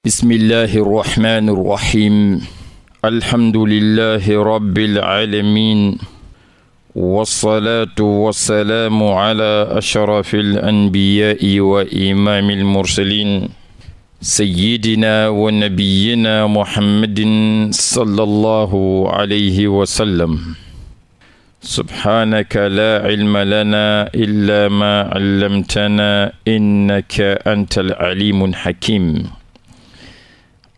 bismillahi irrahmani irrahim alhamdulilahi rabiilalamin walsalaatu wassalaamu ala ashrafi alanbiyaai wa imaami almursalin sayidina wa nabiyina muhammadin sala allahu alayhi wasallam subhaanaka laa cilma lanaa illa maa callamtanaa innaka anta alcalimu alxakim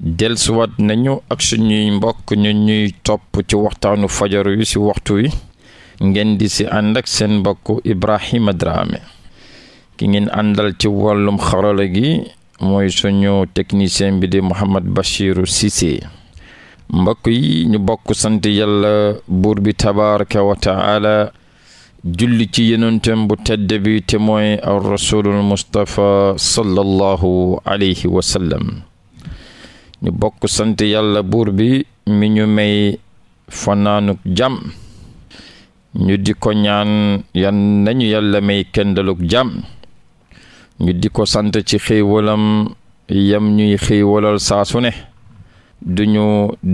delsuwaat nañu ak suñuy mbokk ñu ñuy topp ci waxtaanu fajar yu ci waxtu wi ngeen di ci ànd seen mbokk Ibrahima Dramé ki ngeen àndal ci wàllum xarala gi mooy suñu technicien bi di Mouhamed Bachiru Cissé mbokk yi ñu bokk sant yàlla buur bi tabaraka julli ci yonentam bu tedd te mooy ar rasulul mustapha sallallahu alayhi wa ñu bokk sant yàlla buur bi mi ñu may fanaanuk jàmm ñu di ko ñaan yan nañu yàlla may kendaluk jàmm ñu di ko sant ci xéewalam yam ñuy xéewalal saa su ne duñu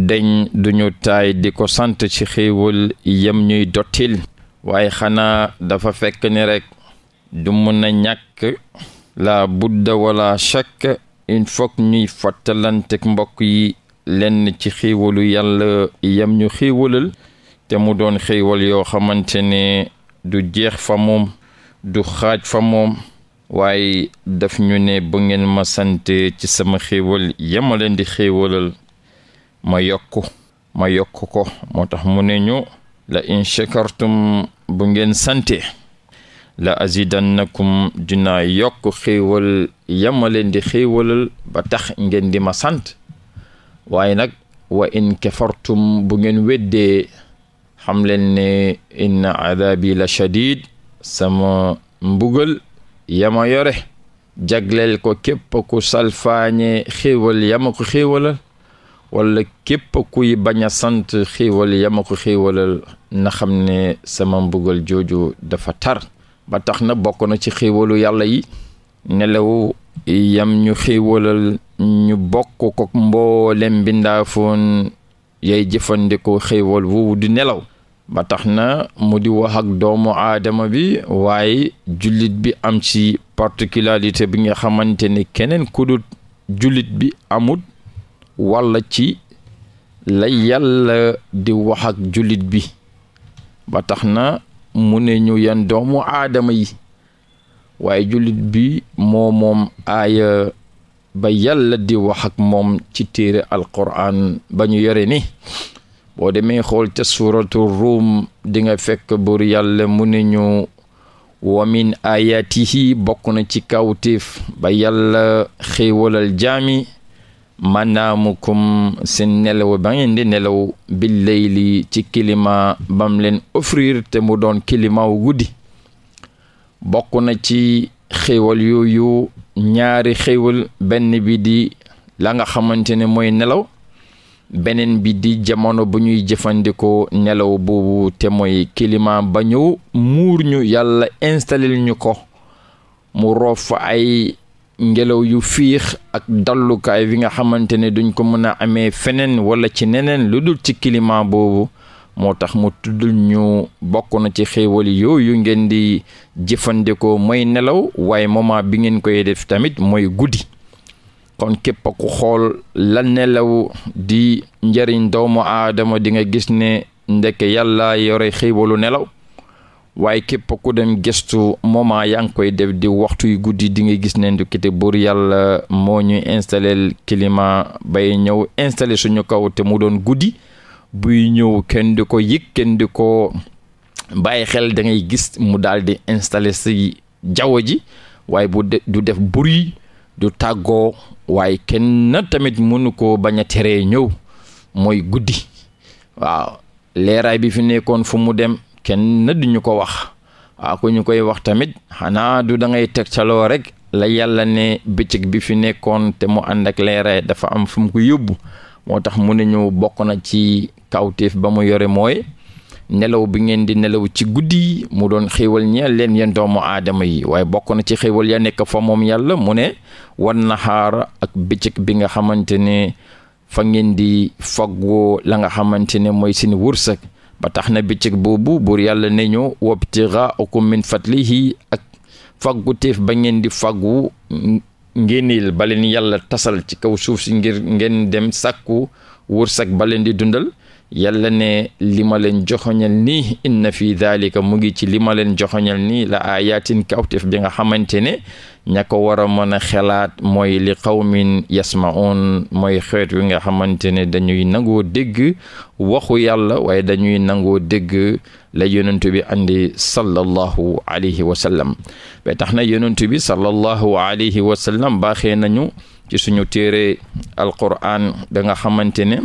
deñ duñu taay di ko sant ci xéewal yam ñuy dottil waaye xanaa dafa fekk ni rekk du na a ñàkk la budda wala shakk il faut ñuy fàttalanteeg mbokk yi lenn ci xéewalu yàlla yam ñu xéewalal te mu doon xéewal yoo xamante ne du jeex fa moom du xaaj fa moom waaye daf ñu ne bu ngeen ma sante ci sama xéewal yama leen di xéewalal ma yokk ma yokk ko moo tax mu ne ñu la in shakartum bu ngeen sante la azidannakum dinaa yokk xéewal yama leen di xéewalal ba tax ngeen di ma sant waaye nag wa in kafartum bu ngeen weddee xam leen ne inna adabi la shadid sama mbugal yama yore jagleel ko képp ku salfaañe xéewal yama ko xéewalal wala képp kuy bañ a sant xéewal yama ko xéewalal na ne sama mbugal jooju dafa tar ba tax na bokk na ci xéewalu yàlla yi nelaw yam ñu xéewalal ñu bokk ko mboolem bindaafoon yay jëfandikoo xéewal woowu di nelaw ba tax na mu di wax doomu aadama bi waaye jullit bi am ci particularité bi nga xamante ni keneen ku dul jullit bi amut walla ci la yàlla di wax ak jullit bi ba tax na mu ne ñu yan doomu aadama yi waaye jullit bi moo moom aaya ba yàlla di wax ak moom ci téere alquran ba ñu yore ni boo demee xool ca suratu ruum dinga fekk buur yàlla mu ne ñu wa min ayatihi bokk na ci kawtif ba yàlla xéewalal jaami manaamukum seen nelaw ba ngeen di nelaw bi layli ci kilima bam leen offrir te mu doon kilima guddi bokk na ci xéewal yooyu ñaari xéewal benn bi di la nga xamante ne mooy nelaw beneen bi di jamono bu ñuy jëfandikoo nelaw boobu te mooy kilima ba ñëw muur ñu yàlla installé ñu ko mu roof ngelaw yu fiix ak dallukaay bi nga xamante ne duñ ko mën a amee feneen wala ci neneen lu dul ci climat boobu moo tax mu tuddul ñu bokk na ci xéewal yooyu ngeen di jëfandikoo mooy nelaw waaye moment bi ngeen koy def tamit mooy guddi kon képp ku xool la nelaw di njëriñ doomu aadama dinga gis ne ndekk yàlla yore xéewalu nelaw waaye képp ku dem gëstu moment yaa ngi koy def di waxtu yu guddi dinga nga gis ne ndukkite buur yàlla moo ñuy installé climat bay ñëw installé suñu kaw te mu doon guddi buy ñëw kenn di ko yëg kenn di ko bàyyi xel da ngay gis mu dal di installé si jaww ji waaye bu de du def bruit du tàggoo waaye kenn tamit mënu ko bañ a teree ñëw mooy guddi waaw leeraay bi fi nekkoon fu mu dem. kenn na duñu ko wax waaw ku ñu koy wax tamit xanaa du da ngay caloo rek la yàlla ne bëccëg bi fi nekkoon te mu ànd ak leeraay dafa am fu mu ko yóbbu moo tax mu ne ñëw bokk na ci kawteef ba mu yore mooy nelaw bi ngeen di nelaw ci guddi mu doon xéewal ñeel leen yeen doomu aadama yi waaye bokk na ci xéewal ya nekk fa moom yàlla mu ne wan na xaar ak bëccëg bi nga xamante ne fa ngeen di faggoo la nga xamante ne mooy seen wërsëg ba tax na bëccëg boobu buur yàlla ne ñu wabtiraa ukum min fadlihi ak fàggu ba ngeen di fàggu ngénnil ba leen yàlla tasal ci kaw suuf si ngir ngeen dem sàkku wërsëg ba leen di dundal yàlla ne li ma leen joxoñal nii inna fi daalika mu ngi ci li ma leen joxoñal nii la ayatin kawtef bi nga xamante ne ña ko war a mën a xelaat mooy li qawmin yasmaun mooy xeet wi nga xamante ne dañuy nangoo dégg waxu yàlla waaye dañuy nangoo dégg la yonent bi andi sallallahu alayhi wa sallam ba tax na yonent bi sallallahu alayhi wa baaxee nañu ci suñu téere alquran da nga xamante ne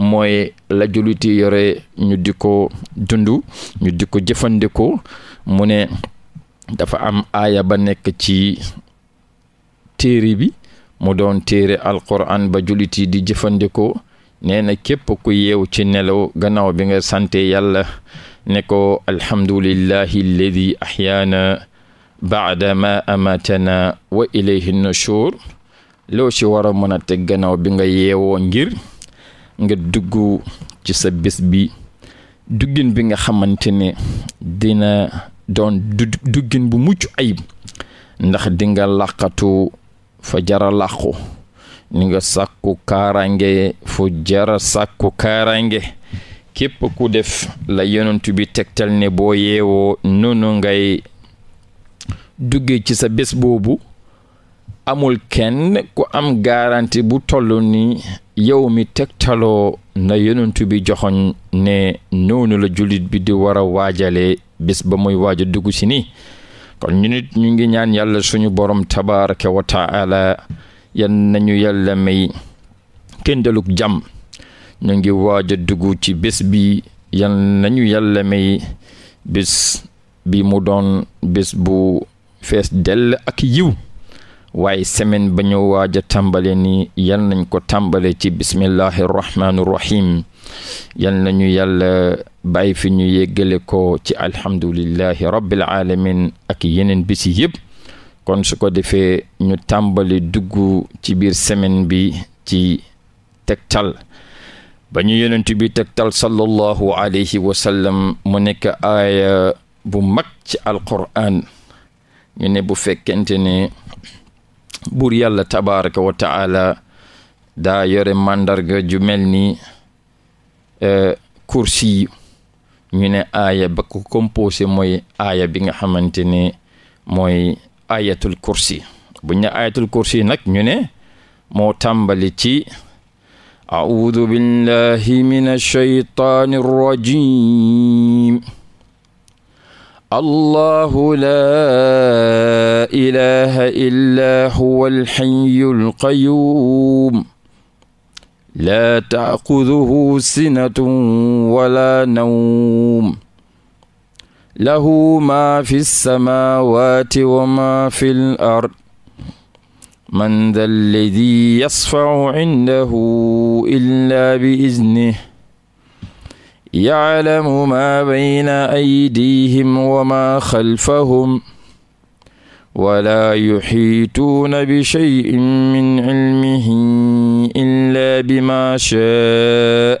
mooy la jullit yore ñu di ko dundu ñu di ko jëfandikoo mu ne dafa am aaya ba nekk ci téere bi mu doon téere alquran ba jullit yi di jëfandikoo nee na képp ku yeew ci nelaw gannaaw bi nga sante yàlla ne ko alhamdulillahi alladi ahyaana baada ma amatana wa ilayhi nushur loo ci war a mën a teg gannaaw bi nga yeewoo ngir nga dugg ci sa bés bi duggin bi nga xamante ne dina doon duggin bu mucc ayib ndax dinga nga fa jara làqu ni nga sàkku kaaraange jara sàkku kaaraange képp ku def la yonent bi tegtal ni boo yeewoo noonu ngay duggee ci sa bés boobu amul kenn ku am garanti bu toll ni yow mi tegtaloo na yonent bi joxoñ ne noonu la jullit bi di war a waajalee bés ba muy waaj a dugg si nii kon ñu nit ñu ngi ñaan yàlla suñu borom tabaraka wa yan nañu yàlla may këndaluk jàmm ñu ngi waaj a dugg ci bés bi yan nañu yàlla may bés bi mu doon bés bu fees dell ak yiw waaye semaine ba ñu waaj a tàmbale ni yal nañ ko tàmbale ci bismillahi rahmaani rahim yal nañu yàlla bàyyi fi ñu yéggale ko ci alhamdulillahi rabbil alamin ak yeneen bisi yëpp kon su ko defee ñu tàmbali dugg ci biir semaine bi ci tegtal ba ñu ci bi tegtal sallallahu alayhi wa mu nekk aaya bu mag ci alquran ñu ne bu fekkente ne buur yàlla tabaraka wa daa yore màndarga ju mel ni eh, kursi ñu ne aaya ba ko composé mooy aaya bi nga xamante ne mooy ayatul kursi buñ ne kursi nag ñu ne moo tàmbali ci audu billahi min alshaytaani arrajim allahu laa ilaha illa huwa alxayu alqayuum laa taaxuduhu sinatun wala nawm lahu ma fi lsamawati wa ma fi l ard man da alladi yasfacu cindahu illa bi iznih yaclamu maa bayna aydihim wa maa xalfahum wala yuxiituuna bi cheyin min cilmihi illa bimaa chaa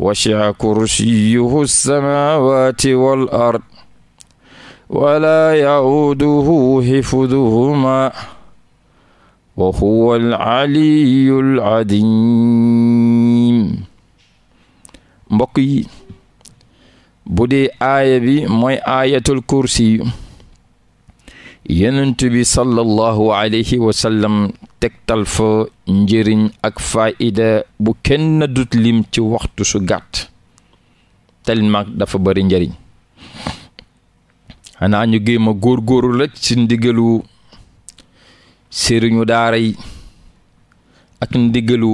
wasica kursiyuhu alsamaawaati wal ard wala yacuuduhu xifduhumaa wa huwa alcaliyu alcadiim mbokk yi bu dee aaya bi mooy aayatul kursi yonent bi sallallahu alayhi wa tegtal fa njëriñ ak faa'ida bu kenn dut lim ci waxtu su gàtt tellement dafa bari njëriñ xanaa ñu géem a góorgóorlu rek ci ndigalu sëriñu daara yi ak ndigalu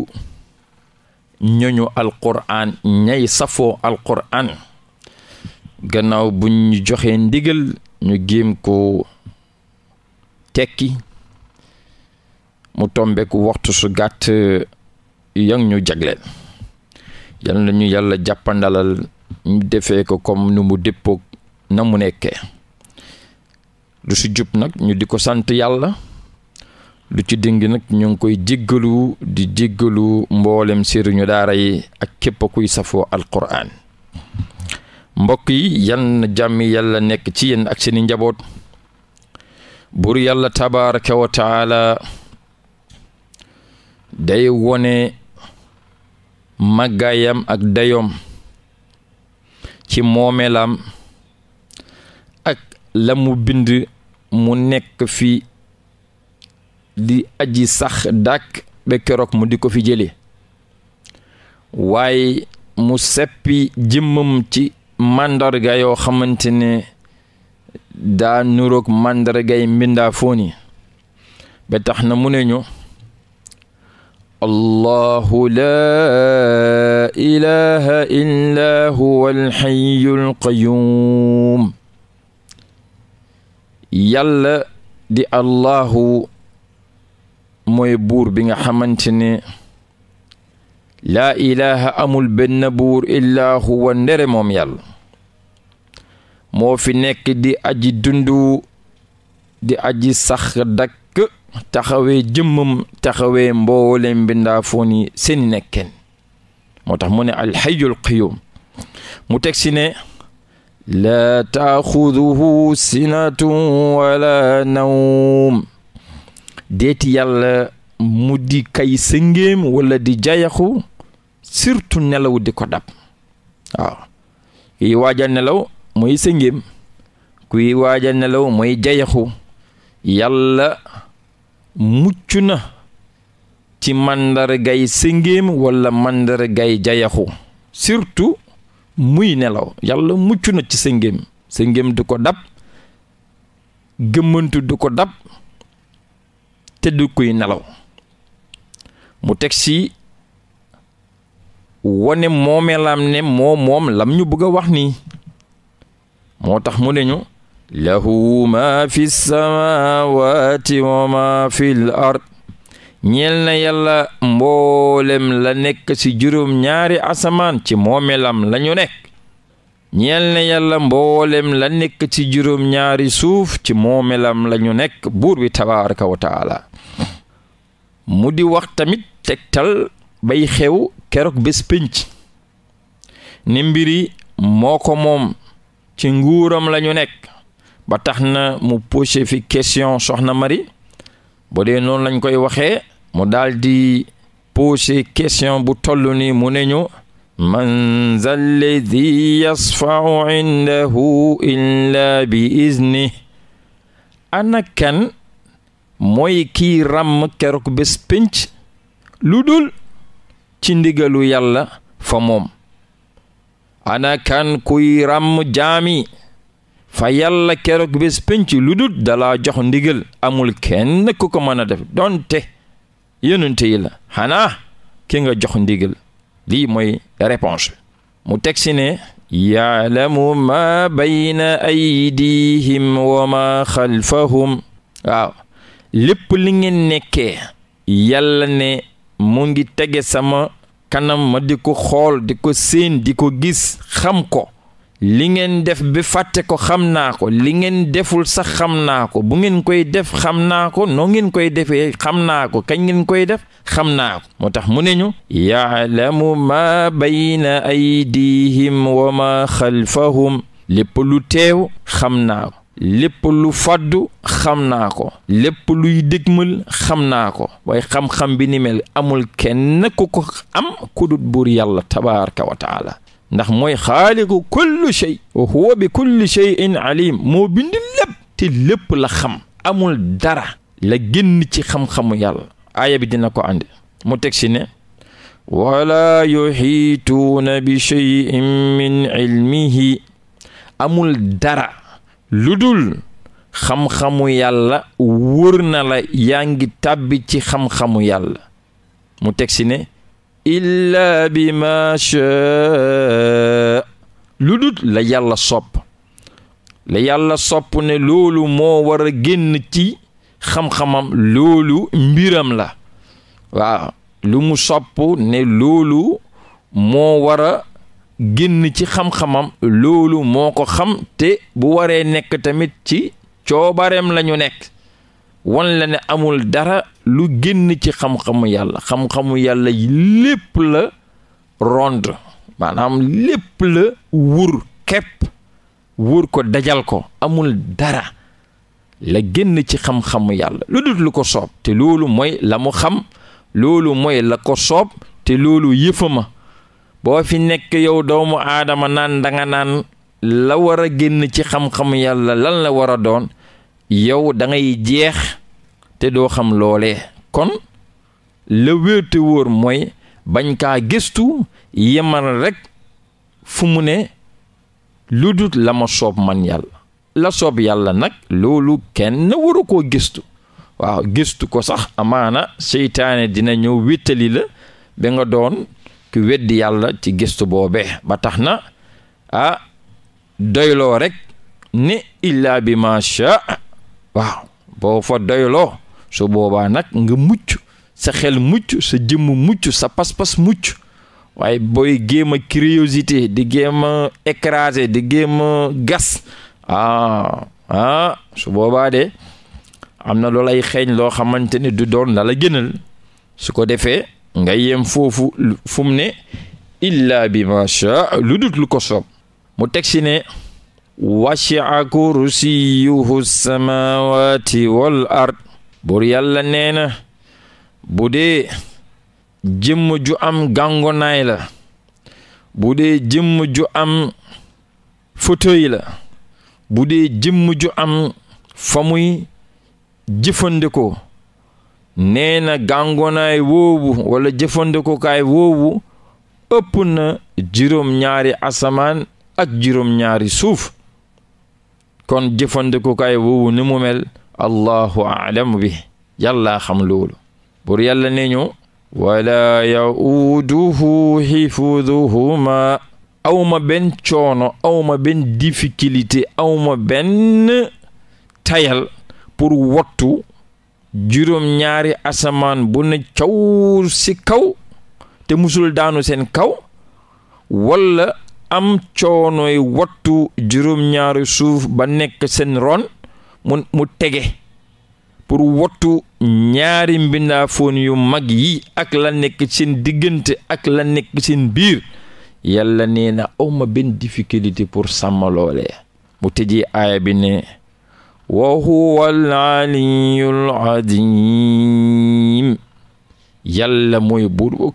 ñoñu alquran ñay safoo alquran gannaaw buñ ñu joxee ndigal ñu giim ko tekki mu tombeku waxtu su gàtt euh, yang ñu jagleel yal na ñu yàlla jàppandalal ñu defee ko comme ni mu dëppoog na mu nekkee lu si jub nag ñu di ko sant yàlla lu ci dëng nag ñu ngi koy jéggalu di jéggalu mboolem sëriñu daara yi ak képp kuy safoo alquran mbokk yi yan jàmmi yalla nekk ci yenn ak seeni njaboot bur yàlla tabaraka wa day wone màggaayam ak dayoom ci moomeelam ak lamu bind mu nekk fii di aji sax dàkk ba keroog mu di ko fi jële waaye mu seppi jëmmam ci màndarga yoo xamante ne daa nuroog màndargay mbindaa fooni ba tax na mu ne ñu allahu laa ilaha illa huwa alxayu alqayuum yàlla di allahu mooy buur bi nga xamante ne laa ilaha amul benn buur illaa huwa ndere moom yàlla moo fi nekk di aji dundu di aji sax dakk taxawee jëmmam taxawee mboole mbindaafoon yi seeni nekkeen moo tax mu ne alxayul qayum mu teg ne laa taaxuduhu sinatun wala nawm deeti yàlla mu di kay sëngéem wala di jayaxu surtout nelaw di ko dab waaw kuy waaja nelaw mooy sëngéem kuy waaja nelaw mooy jayaxu yàlla mucc na ci màndargay sëngéem wala màndargay jayaxu surtout muy nelaw yàlla mucc na ci sëngéem sëngéem du ko dab gëmmantu du ko dab te du kuy nelaw mu teg si wone moomeelaam ne moo lam ñu bëgg a wax ni moo tax mu ne ñu lahu ma fi samawati wa ma ard ñeel na yàlla mboolem la nekk ci juróom ñaari asamaan ci moomelam la ñu nekk ñeel na yàlla mboolem la nekk ci juróom ñaari suuf ci moomelam la ñu nekk buur wi tabaraka wa mu di wax tamit tegtal bay xew keroog bés pénc ni mbiri moo ko moom ci nguuram lañu nekk ba tax na mu posé fi question soxna Mari bu dee noonu lañ koy waxee mu daldi di posé bu toll ni mu ne ñu man zalladi yasfau indahu illa bi izni ana kan mooy kiy ràmm keroog bés pénc lu dul ci ndigalu yàlla fa moom ana kan kuy ràmm jaami fa yàlla keroog bés pénc lu dul dala jox ndigal amul kenn ku ko mën a def donte yonent yi la xanaa ki nga jox ndigal lii mooy réponse mu teg si ne yaalamu ma bayna aydihim wa ma xalfahum waaw lépp li ngeen nekkee yàlla ne mu ngi tege sama kanam ma di ko xool di ko séen di ko gis xam ko li ngeen def bi fàtte ko xam naa ko li ngeen deful sax xam naa ko bu ngeen koy def xam naa ko noo ngeen koy defee xam naa ko kañ ngeen koy def xam naa ko moo tax mu ne ñu yaalamu ma bayna aydihim wa ma xalfahum lépp lu teew xam naa ko lépp lu fàddu xam naa ko lépp luy dégmal xam naa ko waaye xam-xam bi ni mel amul kenn ku ko am ku dut buur yàlla tabaraka wa taala ndax mooy xaaliqu kulli shay wa huwa bi kulli shayin alim moo bind lépp te lépp la xam amul dara la génn ci xam-xamu yàlla aaya bi dina ko àndi mu teg si ne wala yuxiituuna bi shayin min ilmihi amul dara lu dul xam-xamu yàlla wër na la yaa ngi tàbbi ci xam-xamu yàlla mu teg si ne illa bi ma shaa la yàlla sopp la yàlla sopp ne loolu moo war a génn ci xam-xamam loolu mbiram la waaw lu sopp ne loolu moo war génn ci xam-xamam loolu moo ko xam te bu waree nekk tamit ci coobareem lañu nekk wan la ne amul dara lu génn ci xam-xamu yàlla xam-xamu yàlla lépp la rond maanaam lépp la wur kepp wur ko dajal ko amul dara la génn ci xam-xamu yàlla lu dut lu ko soob te loolu mooy la mu xam loolu mooy la ko soob te loolu yëfa boo fi nekk yow doomu aadama naan danga naan la war a génn ci xam-xam yàlla lan la war a doon yow dangay jeex te doo xam loole kon la wéete wóor mooy bañ kaa gëstu yemal rekk fu mu ne lu dut la ma soob man yàlla la soob yàlla nag loolu kenn waru koo gëstu waaw gëstu ko sax amaana seytaane dina ñëw wéttali la ba nga doon ku weddi yàlla ci gëstu boobee ba tax na ah doyloo rekk ni illaa bi ma sha waaw boo fa doyloo su boobaa nag nga mucc sa xel mucc sa jëmm mucc sa pas-pas mucc waaye booy géem a curiosité di géem a di géem gas a ah su boobaa de am na loolay xeeñ loo xamante ni du doon la la su ko defee nga yem foofu fu mu ne illa bi ma sha lu dut ko soob mu teg si ne wasi'a kursiyuhu samawati wal ard buur yàlla nee na bu dee jëmm ju am gàngonaay la bu dee jëmm ju am fauteuil la bu dee jëmm ju am fa muy jëfandikoo nee na gàngonaay woowu wala jëfandikukaay woowu ëpp na juróom-ñaari asamaan ak juróom-ñaari suuf kon jëfandikukaay woowu ni mu mel allahu alam bi yàlla xam loolu bur yàlla ne ñu wala yauduhu xifuduhuma awma benn coono awma benn difficulté awma benn tayal pour wattu juróom ñaari asamaan bu ne caw si kaw te musul daanu seen kaw walla am coonoy wattu juróom-ñaari suuf ba nekk seen ron mu tege pour wattu ñaari mbindaafoon yu mag yi ak la nekk seen diggante ak la nekk seen biir yàlla nee na awma benn difficulté pour sàmm loolee mu tëjee aaya bi ne wa huwa al-aliyyul adiim yàlla mooy buur bu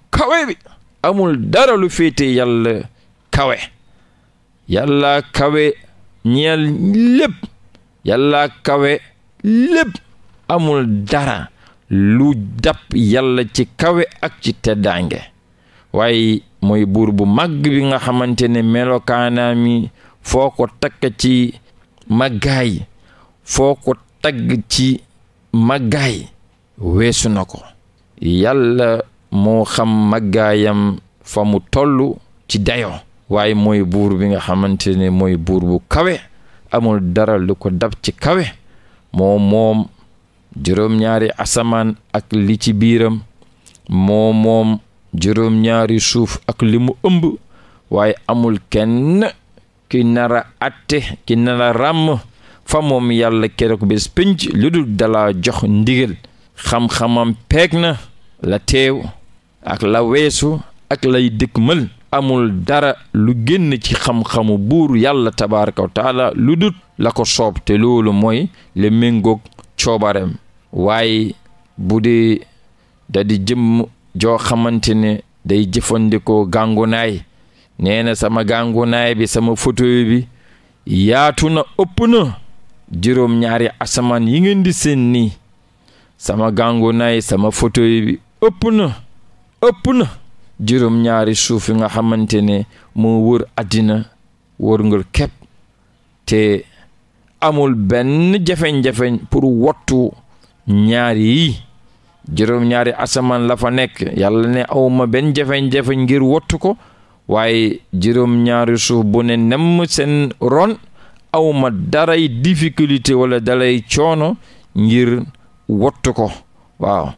amul dara lu féete yàlla kawe yàlla kawe ñeel lépp yàlla kawe lépp amul dara lu dab yalla ci kawe ak ci teddaange waaye mooy buur bu màgg bi nga xamante ne melokaanaami foo ko takk ci màggaay foo ko tagg ci màggaay weesu na ko yàlla moo xam màggaayam fa mu tollu ci dayo waaye mooy buur bi nga xamantane mooy buur bu kawe amul dara lu ko dab ci kawe moo moom juróom-ñaari asamaan ak li ci biiram moo moom juróom-ñaari suuf ak li mu ëmb waaye amul kenn ki nara atte ki nara ràmm fa moom yàlla keroog bés pénc lu dul dala jox ndigal xam-xamam peeg na la teew ak la weesu ak lay dëkk mël amul dara lu génn ci xam-xamu buur yàlla tabaraka wa taala lu dut la ko soob te loolu mooy le méngoog coobareem waaye bu dee da di jëmm joo xamante ne day jëfandikoo gàngunaay nee na sama gàngunaay bi sama foto bi yaatu na ëpp na juróom-ñaari asamaan yi ngeen di seen nii sama gàngu nay sama photo yi ëpp na ëpp na juróom-ñaari suuf yi nga xamante ne moo wër àddina wër ngal képp te amul benn jafeñ-jafeñ pour wattu ñaari yi juróom-ñaari asamaan la fa nekk yàlla ne awma benn jafeñ-jafeñ ngir wattu ko waaye juróom-ñaari suuf bu ne nemm seen ron awma daray difficulté wala dalay coono ngir wottu ko waaw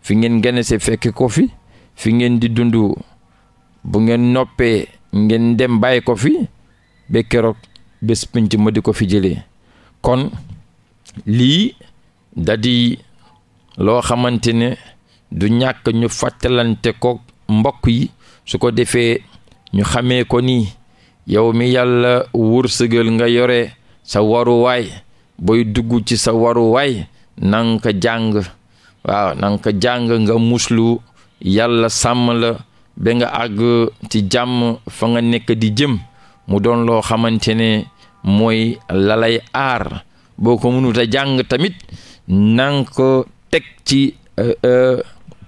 fi ngeen ganese fekk ko fi fi ngeen di dund bu ngeen noppee ngeen dem bàyyi ko fi ba keroog bés pinc ma di ko fi jëlee kon lii da loo xamante ne du ñàkk ñu fàttalante ko mbokk yi su ko defee ñu xamee ko nii yow mi yàlla wërsëgal nga yore sa waruwaay booy dugg ci sa waruwaay nan ka jàng waaw nang ka jàng nga muslu yàlla sàmm la ba nga àgg ci jàmm fa nga nekk di jëm mu doon loo xamante ne mooy lalay aar boo ko mënut a jàng tamit nang ko teg ci euh, euh,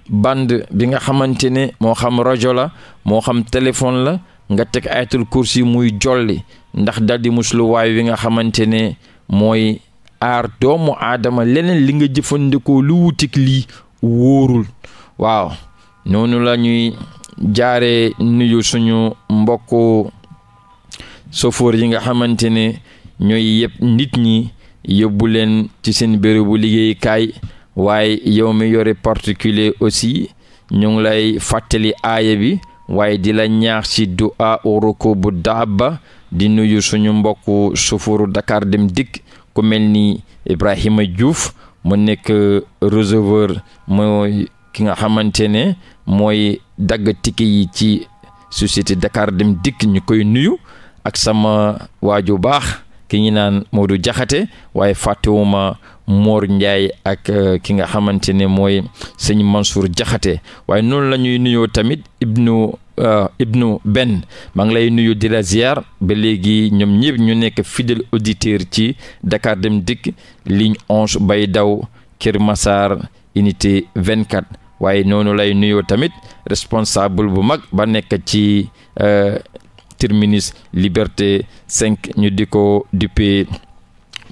band bi nga xamante ne moo xam rajo la moo xam téléphone la nga teg ayatul kursi muy jolli ndax daldi musluwaay wi nga xamante ne mooy aar doomu aadama leneen li nga jëfandikoo lu wutik lii wóorul waaw noonu la ñuy jaaree nuyu suñu mbokku sofoor yi nga xamante ne ñooy yëpp nit ñi yóbbu leen ci seen bérébu liggéeykaay waaye yow mi yore particulier aussi ñu ngi lay fàttali aaya bi waaye di la ñaax ci du'a uruku bu daaba di nuyu suñu mbokku sofooru Dakar dem dikk ku mel ni Ibrahima Diouf mu nekk receveur mooy ki nga xamante ne mooy dagg tike yi ci société Dakar dem dikk ñu koy nuyu ak sama waaju baax ki ñu naan Modou Jaxate waaye fàttewuma moor Ndiaye ak euh, ki nga xamante ne mooy sëñ Mansour Jaxate waaye noonu la ñuy nuyoo tamit ibnu euh, ibnu benn maa ngi lay nuyu di ba léegi ñoom ñëpp ñu nekk fidèle auditeur ci Dakar Dem Dikk ligne onze bay daw Kër Massar unité 24 waaye noonu lay nuyoo tamit responsable bu mag ba nekk ci euh, terminus liberté 5 ñu di ko duppee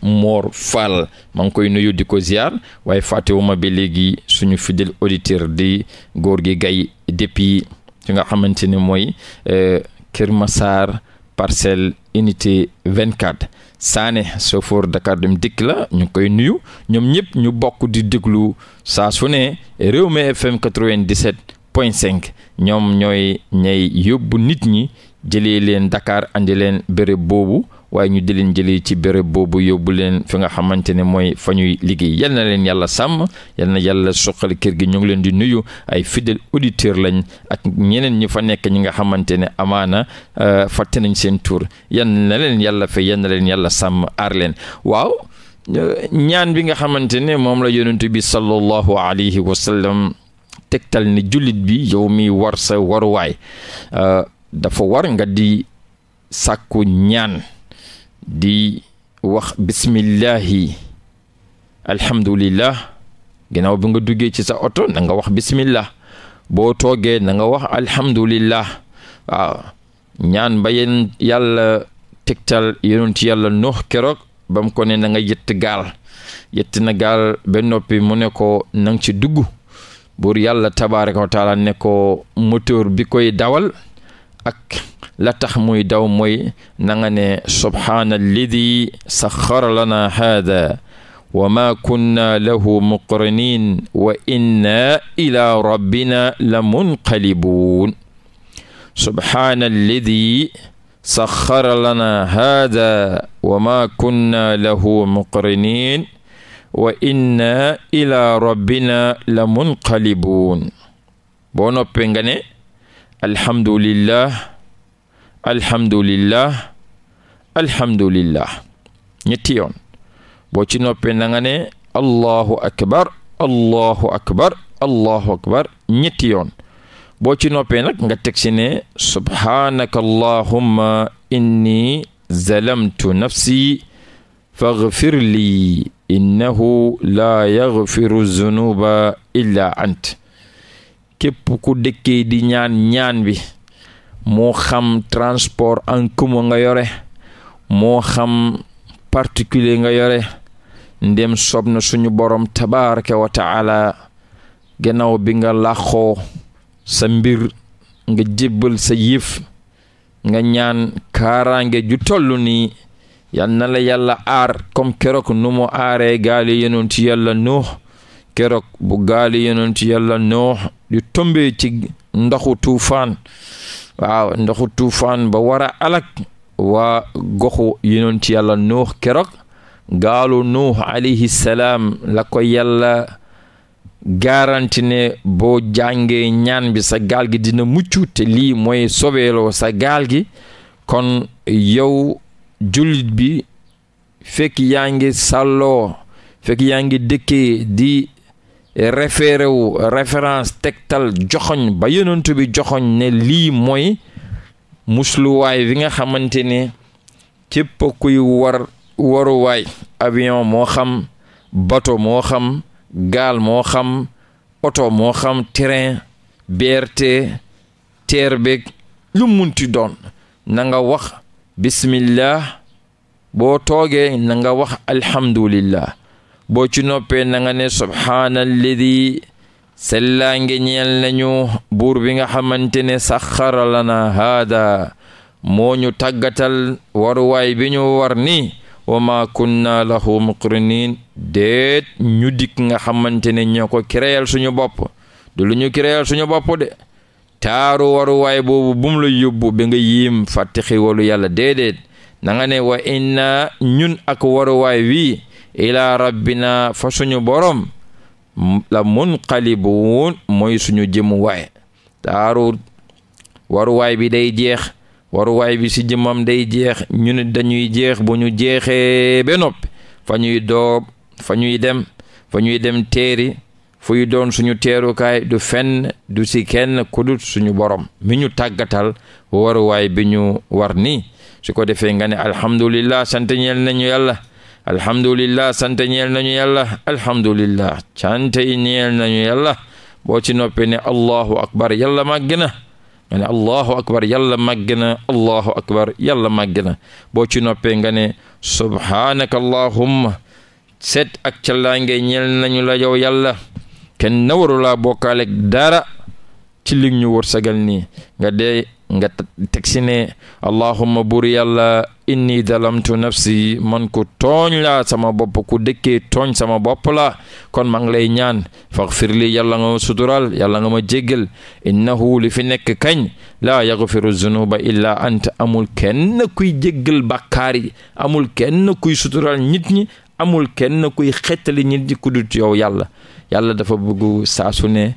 Mor Fall maa ngi koy nuyu di ko ziar waaye fàttewuma ba léegi suñu fidèle auditeur di góor gi gay depuis ci nga xamante ni mooy eh, Kër Massar parcelle unité 24 Saane sofoor Dakar dem dikk la ñu koy nuyu ñoom ñëpp ñu bokk di déglu saa su ne réew Rewmi FM 97 point 5 ñoom ñooy ñay yóbbu nit ñi jëlee leen Dakar andi leen béréb boobu. waaye ñu di leen jëlee ci béréb boobu yóbbu leen fi nga xamante ne mooy fa ñuy liggéey yal na leen yàlla sàmm yal na yàlla suqali kër gi ñu ngi leen di nuyu ay fidèle auditeur lañ ak ñeneen ñu fa nekk ñi nga xamante ne amaana euh, fàtte nañ seen tur yan na leen yàlla fa yal na leen yàlla sàmm aar leen waaw euh, ñaan bi nga xamante ne moom la yonent bi sallallahu alayhi wa sallam tegtal ne jullit bi yow mi war sa waruwaay euh, dafa war nga di sakku ñaan di wax bismillahi alhamdulillah ginnaaw bi nga duggee ci sa oto na wax bismillah boo toogee na nga wax alhamdulillah waaw ñaan ba yéen yàlla tegtal yonent yàlla noox keroog bam kone ko ne nga yëtt gaal yëtt na gaal ba noppi mu ne ko nang ci dugg buur yàlla tabaaraka wa taala ne ko moteur bi koy dawal ak la tax muy daw mooy na nga ne subhaanalladi saxara lana haada wa ma kunna lahu muqrinin wa inna ila rabbina la munqalibuun subhaanalladi saxara lana haada wa ma kunna lahu muqrinin wa inna ila rabbina la munqalibuun boo noppee nga ne alhamdulillah alhamdulillah alhamdulillah ñetti yoon boo ci noppee nanga ne allahu akbar allahu akbar allahu akbar ñetti yoon boo ci noppee nag nga teg si ne subhaanaka allahumma inni zalamtu nafsi faghfir lii innahu laa yaghfiru zunuba illa ant képp ku dëkkee di ñaan ñaan bi moo xam transport en nga yore moo xam particulier nga yore ndem sob na suñu borom tabaraka wa taala gannaaw bi nga làqoo sa mbir nga jébbal sa yëf nga ñaan kaaraange ju toll nii yal na la yàlla aar comme keroog nu mu aaree gaali yonent yàlla nuux keroog bu gaali yonent yàlla nuux yu tombee ci ndoxu tuufaan waaw ndoxu tuufan ba war a alak waa goxu yonent yàlla nuux keroog gaalu nuux alayhi salaam la ko yàlla garanti ne boo jàngee ñaan bi sa gaal gi dina mucc te lii mooy sobeeloo sa gaal gi kon yow julit bi fekk yaa ngi sàlloo fekk yaa di référé wu référence tegtal joxoñ ba yonent bi joxoñ ne lii mooy musluwaay bi nga xamante ne cépp kuy war waruwaay avion moo xam bato moo xam gaal moo xam oto moo xam train BRT teer beeg lu munti doon na wax bismillah boo toogee na nga wax alhamdulillah boo ci noppee na nga ne subhaanalladi sellaange ñeel nañu buur bi nga xamante ne saxara lana haada moo ñu tàggatal waruwaay bi ñu war ni wa ma kunna lahu muqrinin déet ñu dikk nga xamante ne ñoo ko créyal suñu bopp du lu ñu suñu bopp de taaru waruwaay boobu bum la yóbbu bi nga yiim fàttixi walu yàlla déedéet na wa inna ñun ak waruwaay wii ilaa rabbina fa suñu borom la xali munqalibuun mooy suñu jëmu waay taaru waruwaay bi day jeex waruwaay bi si jëmam day jeex ñu ne dañuy jeex bu ñu jeexee ba noppi fa ñuy doob fa ñuy dem fa ñuy dem teeri fuy doon suñu teerukaay du fenn du si kenn kudut suñu borom mi ñu tàggatal waruwaay bi ñu war ni su ko defee nga ne alhamdulillah sant ñeel nañu yàlla alhamdulillah sant ñeel nañu yàlla alhamdulillah cant yi ñeel nañu yàlla boo ci noppee ne allahu akbar yàlla màgg na nga ne allahu akbar yàlla màgg na boo ci noppee nga ne subhaanaka allahumma set ak callaange ñeel nañu la yow yàlla kenn na waru laa dara ci li ñu wërsëgal ni nga teg si ne allahumma buur yàlla inni dalamtu nafsi man ku tooñ laa sama bopp ku dëkkee tooñ sama bopp la kon maa ngi lay ñaan faghfir li yàlla nga ma sutural yàlla nga li fi nekk kañ laa yaghfiru zunuba illa ant amul kenn kuy jéggal bàkkaar amul kenn kuy sutural nit ñi amul kenn kuy xettali nit ñi ku dut yow yàlla yàlla dafa bëgg saa ne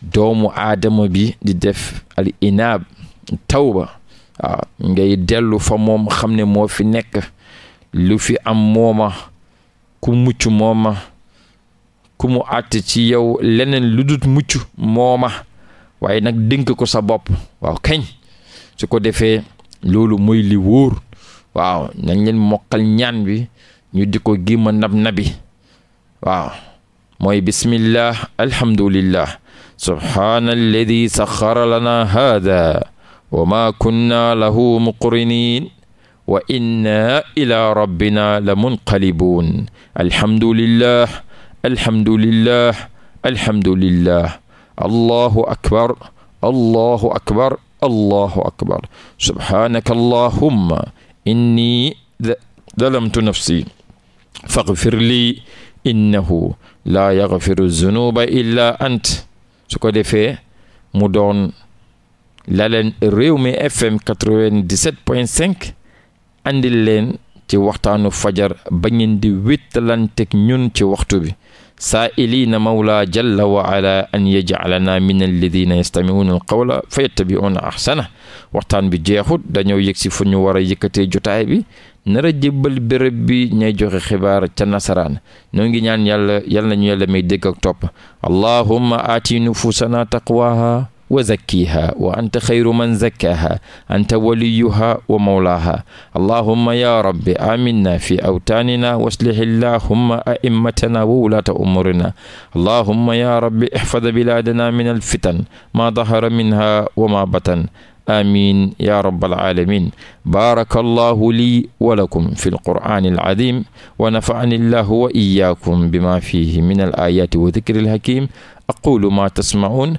doomu aadama bi di def al inaab tawba waaw ngay dellu fa moom xam ne moo fi nekk lu fi am mooma ku mucc mooma ku mu àtt ci yow leneen lu dut mucc mooma waaye nag dénk ko sa bopp waaw kañ su ko defee loolu mooy li wuur waaw nañ leen mokkal ñaan bi ñu di ko gima nab nabi waaw mooy bismillah alhamdulillah subhaana alladi lana hada wa maa kunna lahu muqrinin wa inna ila rabbina la munqalibun alhamdulillah alhamdulillah alhamdulillah allahu akbar allahu akbar allahu akbar subhaanaka allahumma inni zalamtu nafsi faghfir li innahu laa yaghfiru zunuba illa ant su ko defee mu doon la leen réew mi fm 97.5 andil leen ci waxtaanu fajar ba ngeen di wéttalanteeg ñun ci waxtu bi saa iliina mawla jalla wa ala an yajcalanaa min alladina yastamicuuna alqawla fa yattabicuuna axsana waxtaan bi jeexut dañoo yëg si fu ñu war a yëkkatee jotaay bi nara jébbal béréb bi ñay joxe xibaar ca nasaraan noo ngi ñaan yàlla yàlla nañu yàlla may dégg ak topp allahumma aati nufuusanaa taqwaaha wa zakkiha wa anta xayru man zakkaha anta waliyuha wa mawlaaha allahumma ya rabbi aminna fi awtaanina wa aslih allahumma a'immatana wa wulaata umurina allahumma ya rabbi ihfad bilaadana min alfitan ma dahara minha wa ma batan amin ya rabbal alamin baraka allahu lii wa lakum fi alqur'ani alazim wa nafa'ani allahu wa iyyakum bima fihi min alayati wa dhikri alhakim aqulu ma tasma'un